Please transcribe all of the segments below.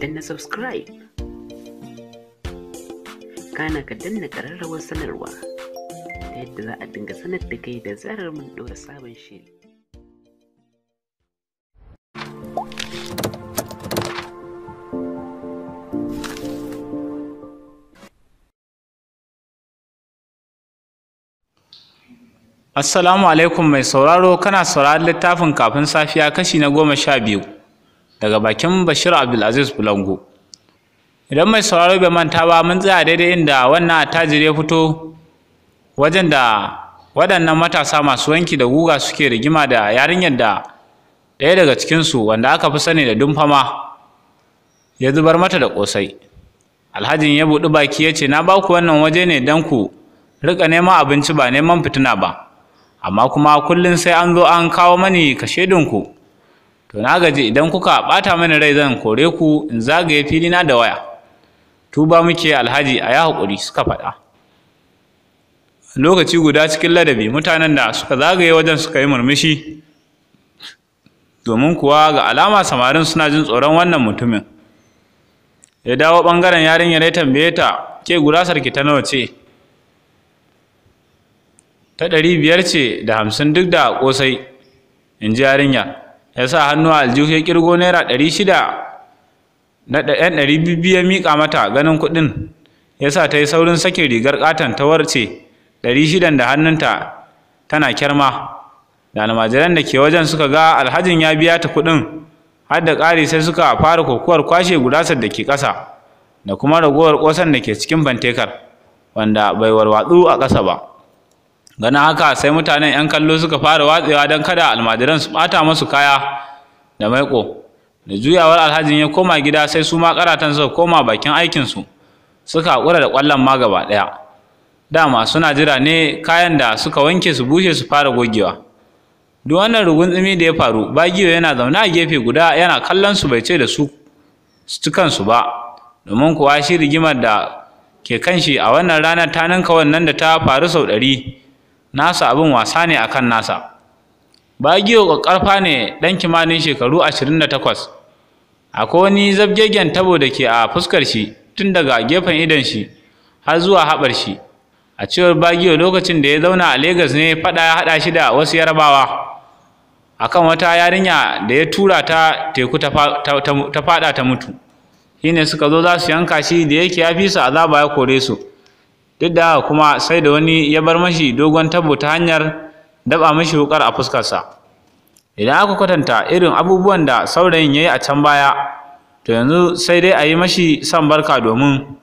danna subscribe kana ka danna kararrawar sanarwa ta yadda za a dinga sanar da kai da zarar mun ɗora sabon shiri Assalamu alaikum mai sauraro kana sauraron littafin kafin safiya kashi na goma sha biyu. daga bakin Bashir Abdulaziz Bulango. Idan mai sauraro bai manta ba mun tsaya daidai inda wannan attajiri ya fito wajen da waɗannan matasa masu wanki da guga suke rigima da yarinyar da ɗaya daga cikinsu wanda aka fi sani da dumfama ya zubar mata da ƙosai. Alhajin ya buɗi baki ya ce na baku wannan waje ne dan ku riƙa neman abinci ba neman fitina ba. Amma kuma kullum sai an zo an kawo mani kashedinku. ku. to na gaji idan kuka ɓata mani rai zan kore ku in zagaye filina da waya tuba muke alhaji a ya haƙuri suka faɗa lokaci guda cikin ladabi mutanen da suka zagaye wajen suka yi murmushi domin kuwa ga alama samarin suna jin tsoron wannan mutumin ya dawo ɓangaren yarinyar ya tambaye ta ke gurasar ki ta nawa ce ta ɗari biyar ce da hamsin duk da ƙosai in ji yarinyar ya sa hannu a aljihu ya kirgo naira ɗari shida na ɗan ɗari biyu ya miƙa mata ganin kuɗin ya sa ta yi saurin sakin rigar ƙaton ta warce ɗari shidan da hannunta tana kyarma da almajiran da ke wajen suka ga alhajin ya biya ta kuɗin har da ƙari sai suka fara kokuwar kwashe gurasar da ke ƙasa da kuma ragowar ƙosan da ke cikin bantekar wanda bai warwatsu a ƙasa ba ganin haka sai mutanen 'yan kallo suka fara watsewa don kada almajiran su bata masu kaya da maiko da juyawar alhajin ya koma gida sai su ma karatan suka koma bakin aikinsu suka haƙura da ƙwallon ma gaba ɗaya dama suna jira ne kayan da suka wanke su bushe su fara gogewa duk wannan rugun tsimi da ya faru bagiyo yana zaune a gefe guda yana kallon su bai ce da su su ba domin kuwa shi rigimar da ke kan shi a wannan ranar ta ninka wannan da ta faru sau ɗari nasa abin wasa ne akan nasa bagiyo ƙarfa ne dan kimanin shekaru ashirin da takwas akwai wani zabgegen tabo da ke a fuskar shi tun daga gefen idon shi har zuwa haɓar shi a cewar bagiyo lokacin da ya zauna a Legas ne faɗa ya haɗa shi da wasu yarbawa akan wata yarinya da ya tura ta teku ta faɗa ta mutu shine suka zo za su yanka shi da yake ya fi su azaba ya kore su duk da haka kuma sai da wani ya bar mashi dogon tabo ta hanyar daba mashi wukar a fuskarsa idan aka kwatanta irin abubuwan da saurayin ya yi a can baya to yanzu sai dai a yi mashi san barka domin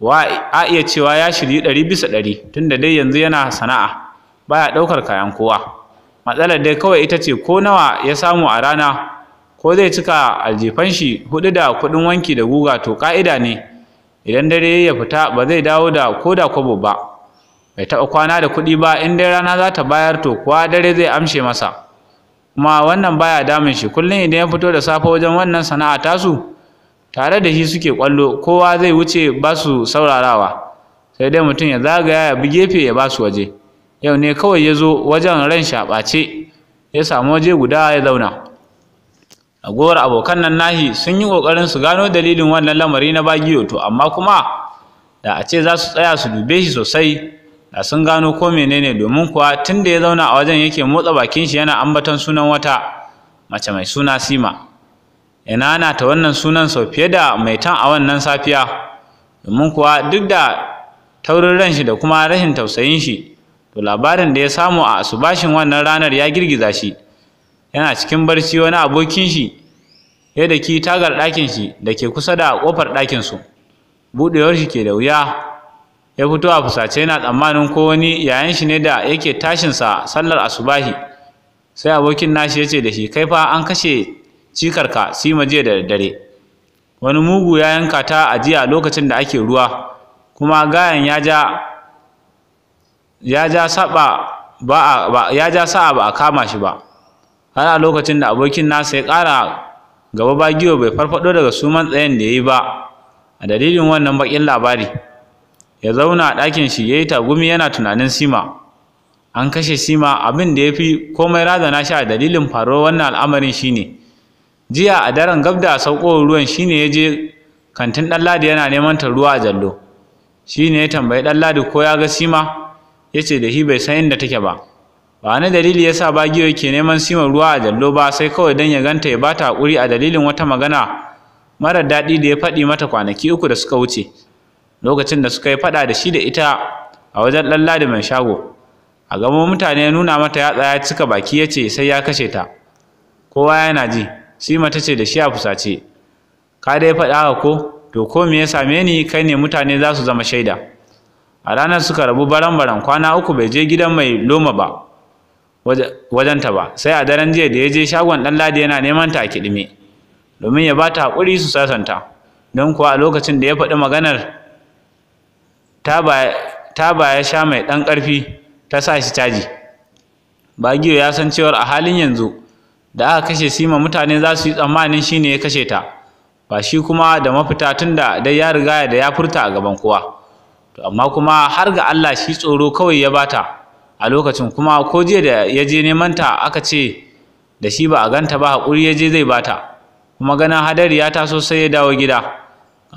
wa a iya cewa ya shirye ɗari bisa ɗari tunda dai yanzu yana sana'a baya ɗaukar kayan kowa matsalar dai kawai ita ce ko nawa ya samu a rana ko zai cika aljifan shi hudu da kuɗin wanki da guga to ƙa'ida ne idan dare ya fita ba zai dawo da ko da kwabo ba bai taɓa kwana da kuɗi ba in dai rana za ta bayar to kuwa dare zai amshe masa kuma wannan baya damun shi kullum idan ya fito da safe wajen wannan sana'a tasu tare da shi suke kwallo kowa zai wuce ba su saurarawa sai dai mutum ya zagaya ya bi gefe ya ba su waje yau ne kawai ya zo wajen ran shaɓace ya samu waje guda ya zauna Agowar abokan nan nahi sun yi ƙoƙarin su gano dalilin wannan lamari na Bagiyo to amma kuma da a ce za su tsaya su dube shi sosai da sun gano ko menene domin kuwa tun da ya zauna a wajen yake motsa bakin shi yana ambaton sunan wata mace mai suna Sima. Ina na ta wannan sunan sau fiye da mai tan a wannan safiya domin kuwa duk da taurin ran shi da kuma rashin tausayin shi to labarin da ya samu a asubashin wannan ranar ya girgiza shi yana cikin barci wani abokin shi ya daki tagar ɗakin shi da ke kusa da ƙofar ɗakin su buɗewar shi ke da wuya ya fito a fusace yana tsammanin ko wani yayan shi ne da yake tashin sa sallar asubahi sai abokin nashi ya ce da shi kai fa an kashe cikarka sima jiya da daddare wani mugu ya yanka ta ajiya lokacin da ake ruwa kuma gayan ya ja ya ja saba ba ya ja sa'a ba a kama shi ba har a lokacin da abokin nasa ya ƙara gaba bagiyo bai farfado daga suman tsayen da ya yi ba a dalilin wannan bakin labari ya zauna a ɗakin shi ya yi tagumi yana tunanin sima an kashe sima abin da ya fi komai razana shi a dalilin faruwar wannan al'amarin shine jiya a daren gab da saukowar ruwan shine ya je kantin ɗanladi yana neman ta ruwa a jallo ne ya tambayi ɗanladi ko ya ga sima ya ce da shi bai san inda take ba ba wani dalili yasa Bagiyo ke neman sima ruwa a dallo ba sai kawai dan ya ganta ya bata hakuri a dalilin wata magana mara daɗi da ya faɗi mata kwanaki uku da suka wuce lokacin da suka yi faɗa da shi da ita a wajen da mai shago a gamo, mutane ya nuna mata ya tsaya cika baki ya ce sai ya kashe ta kowa yana ji sima ta ce da shi a fusace ka dai faɗa haka ko to ko me ya same ni kai ne mutane za su zama shaida a ranar suka rabu baran-baran kwana uku bai je gidan mai loma ba wajenta ba sai a daren jiya da ya je shagon dan ladi yana neman ta a domin ya bata hakuri su sasanta don kuwa a lokacin da ya faɗi maganar ta ba ya sha mai ɗan ƙarfi ta sa shi caji bagiyo ya san cewar a halin yanzu da aka kashe sima mutane za su yi tsammanin shi ne ya kashe ta ba shi kuma da mafita tunda dai ya riga da ya furta a gaban kowa to amma kuma har ga Allah shi tsoro kawai ya bata a lokacin kuma ko jiya da ya je neman ta aka ce da shi ba a ganta ba haƙuri ya je zai bata kuma ganin hadari ya taso sai ya dawo gida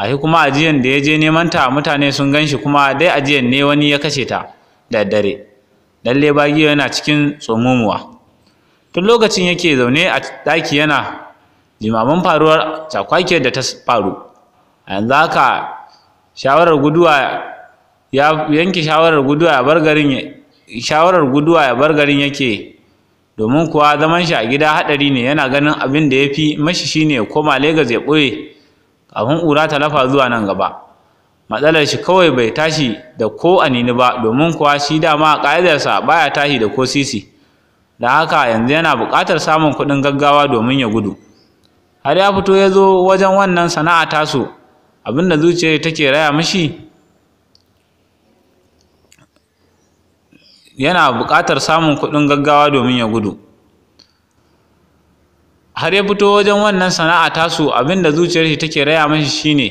shi kuma ajiyan da ya je neman ta mutane sun gan shi kuma dai ajiyan ne wani ya kashe ta da dare lalle bagiyo yana cikin tsomumuwa tun lokacin yake zaune a daki yana jimamin faruwar cakwakiyar da ta faru a yanzu haka shawarar guduwa ya yanke shawarar guduwa ya bar garin shawarar guduwa ya bar garin yake domin kuwa zaman shi a gida haɗari ne yana ganin abin da ya fi mashi shine ya koma Legas ya ɓoye kafin ƙura ta lafa zuwa nan gaba matsalar shi kawai bai tashi da ko anini ba domin kuwa shi dama ƙa'idarsa baya tashi da ko sisi da haka yanzu yana buƙatar samun kuɗin gaggawa domin ya gudu har ya fito ya zo wajen wannan sana'a tasu abinda zuciyar take raya mashi? yana buƙatar samun kuɗin gaggawa domin ya gudu har ya fito wajen wannan sana'a tasu abin da zuciyar shi take raya mashi shine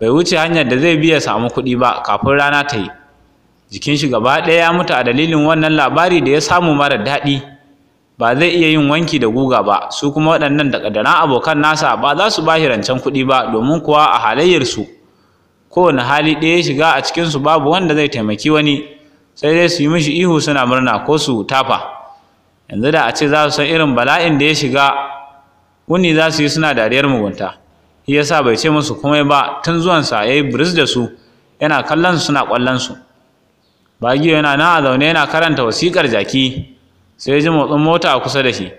bai wuce hanyar da zai biya samu kuɗi ba kafin rana ta yi jikin shi gaba ɗaya ya mutu a dalilin wannan labari da ya samu mara daɗi ba zai iya yin wanki da guga ba su kuma waɗannan da ƙadaran abokan nasa ba za su ba rancen kuɗi ba domin kuwa a halayyarsu kowane hali ɗaya ya shiga a cikinsu babu wanda zai taimaki wani sai dai su yi mishi ihu suna murna ko su tafa yanzu da a ce za su san irin bala'in da ya shiga wuni za su yi suna dariyar mugunta shi yasa bai ce musu komai ba tun zuwansa ya yi biris da su yana kallon su suna kwallon su bagiyo yana nan a zaune yana karanta wasiƙar jaki sai ya ji motsin mota a kusa da shi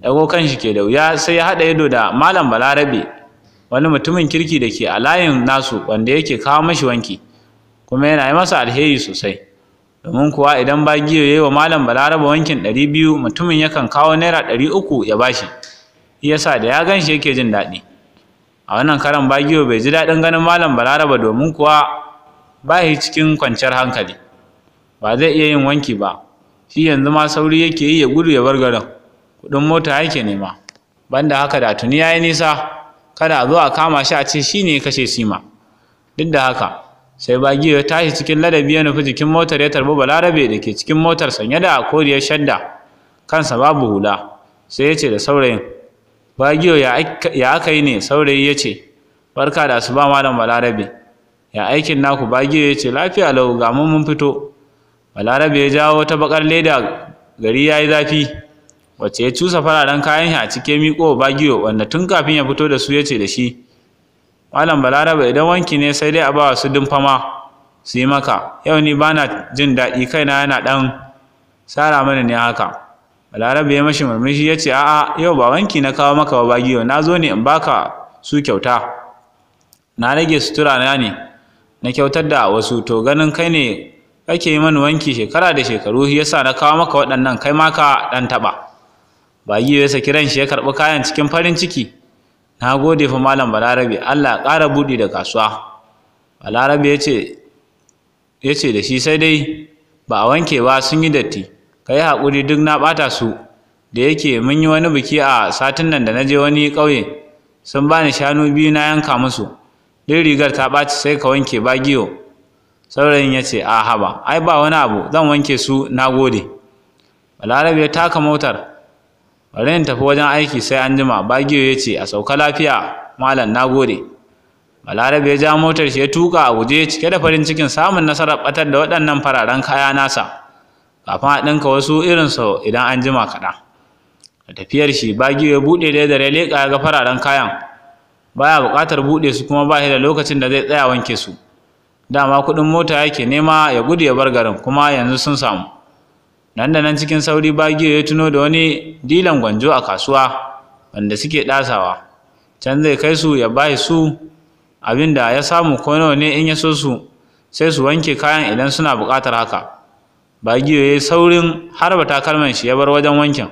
ɗago kan shi ke da wuya sai ya haɗa ido da malam balarabe wani mutumin kirki da ke a layin nasu wanda yake kawo mashi wanki kuma yana yi masa alheri sosai domin kuwa idan bagiyo ya yi wa malam balaraba wankin ɗari biyu mutumin yakan kawo naira ɗari uku ya bashi yasa da ya ganshi yake jin daɗi a wannan karan bagiyo bai ji daɗin ganin malam balaraba domin kuwa ba shi cikin kwanciyar hankali ba zai iya yin wanki ba shi yanzu ma sauri yake yi ya gudu ya bar garin kuɗin mota yake nema banda haka da tuni ya yi nisa kada a zo a kama shi a ce shi ne kashe sima duk da haka sai bagiyo ya tashi cikin ladabi ya nufi jikin motar ya tarbi balarabe da ke cikin motar sanye da koriyar shadda kansa babu hula sai ya ce da saurayin bagiyo ya aka yi ne saurayi ya ce barka da su ba malam balarabe ya aikin naku bagiyo ya ce lafiya lau ga mun mun fito balarabe ya jawo wata bakar leda gari ya yi zafi wacce ya cusa fararen kayan shi a cikin miƙo bagiyo wanda tun kafin ya fito da su ya ce da shi malam balaraba idan wanki ne sai dai a ba su dumfama su yi maka yau ni ba na jin daɗi kaina yana ɗan tsara mana ne haka balaraba ya mashi murmushi ya ce a'a yau ba wanki na kawo maka ba bagiyo na zo ne in baka su kyauta na rage sutura na ne na kyautar da wasu to ganin kai ne kake yi mani wanki shekara da shekaru shi yasa na kawo maka waɗannan kai maka ɗan taɓa bagiyo ya saki ran shi ya karɓi kayan cikin farin ciki na gode fa malam balarabe allah ƙara buɗi da kasuwa balarabe ya ce da shi sai dai ba a wanke ba sun yi datti ka yi haƙuri duk na ɓata su da yake mun yi wani biki a satin nan da na je wani ƙauye sun bani shanu biyu na yanka musu duk rigar ta ɓaci sai ka wanke ba giyo saurayin ya ce a haba ai ba wani abu zan wanke su na gode balarabe ya taka motar bari in tafi wajen aiki sai an jima bagiyo ya ce a sauka lafiya malam na gode balarabe ya ja motar shi ya tuka a guje cike da farin cikin samun nasarar batar da waɗannan fararen kaya nasa kafin a ɗinka wasu irin sau idan an jima kaɗan da tafiyar shi bagiyo ya buɗe da dare leƙa ga fararen kayan baya buƙatar buɗe su kuma ba shi da lokacin da zai tsaya wanke su dama kuɗin mota yake nema ya gudu ya bar garin kuma yanzu sun samu nan da nan cikin sauri bagiyo ya tuno da wani dilan gwanjo a kasuwa wanda suke ɗasawa can zai kai su ya bai su abin da ya samu ko nawa ne in ya so su sai su wanke kayan idan suna buƙatar haka bagiyo ya saurin harba takalman shi ya bar wajen wankin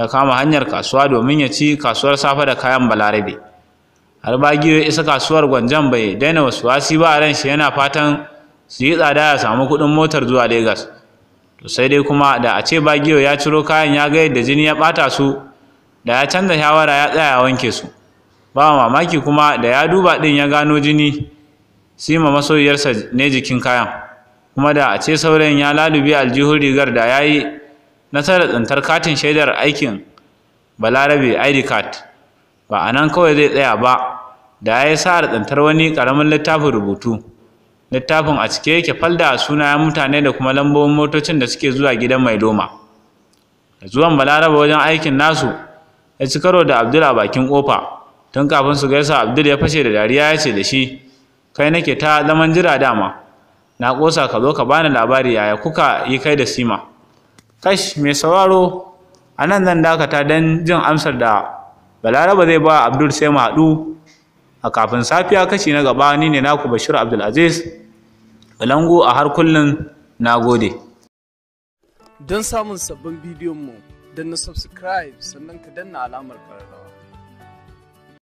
ya kama hanyar kasuwa domin ya ci kasuwar safe da kayan balarabe har bagiyo ya isa kasuwar gwanjan bai daina wasu wasi ba a ran shi yana fatan su yi tsada ya samu kuɗin motar zuwa Legas. sai dai kuma da a ce bagiyo ya ciro kayan ya ga yadda jini ya ɓata su da ya canza shawara ya tsaya ya wanke su ba mamaki kuma da ya duba din ya gano jini ma masoyiyarsa ne jikin kayan kuma da a ce saurayin ya lalubi aljihun rigar da ya yi nasarar tsintar katin shaidar aikin balarabe id card ba a nan kawai zai tsaya ba da ya yi sa'ar tsintar wani ƙaramin littafin rubutu littafin a cike yake falda a sunayen mutane da kuma lambobin motocin da suke zuwa gidan mai loma da zuwan balaraba wajen aikin nasu ya ci karo da abdul a bakin kofa tun kafin su gaisa abdul ya fashe da dariya ya ce da shi kai nake ta zaman jira dama na kosa ka zo ka bani labari yaya kuka yi kai da sima kash mai sauraro a nan zan dakata don jin amsar da balaraba zai ba abdul sai mu haɗu a kafin safiya kashi na gaba ni ne naku bashir abdul abdulaziz Lango a har kullum na gode. Don samun sabbin bidiyon mu, na subscribe sannan ka danna alamar kararrawa.